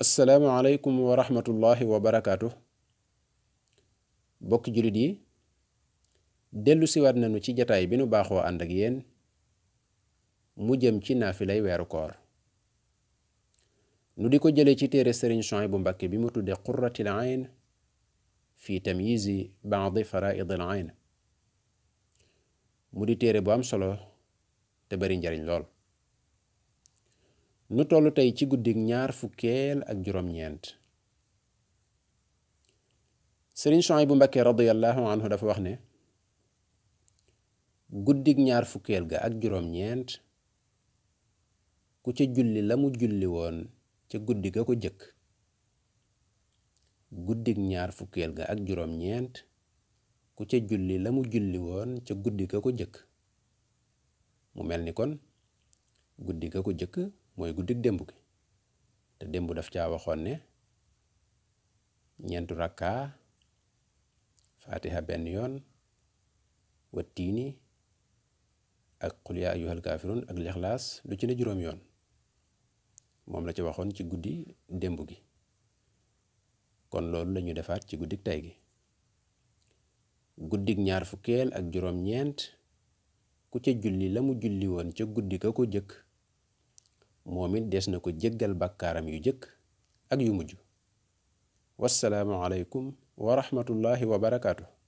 asalaamualeykum wa rahmatullahi wa barakaatu bokk jullit yi dellu siwaat nañu ci jataay bi nu baaxoo ànd ak mu jëm ci naafilay weeru koor nu di ko jëlee ci téere sëriñ bu Mbàkke bi mu tudde qurratil ayn fi tamyizi ba'di faraa'idil ayn mu di téere bu am solo te bari njariñ lool nu toll tey ci guddik ñaar fukkeel ak juróom-ñeent sëriñ Chouaïbou Mbacké radiyallahu dafa wax ne guddik ak juróom ku ca julli la mu julli woon ca jëkk guddik ñaar ga ak juróom ku ca julli la mu julli ca guddi ko jëkk mu mel ni kon guddi ga ko jëkk mooy guddik démb gi te démb daf caa waxoon ne ñeentu rakka fatiha benn yoon wattiini ak qul yaa ayyuhal ak lixlaas lu ci ne juróom yoon moom la ci waxoon ci guddi démb gi kon loolu lañu defaat ci guddik tey gi guddik ñaar fukkeel ak juróom ñeent ku ca julli la mu julli woon ca guddi ka ko jëkk moom it des na ko jéggal bakkaaram yu jëkk ak yu mujj wassalaamu aleykum wa rahmatullahi wa barakaatu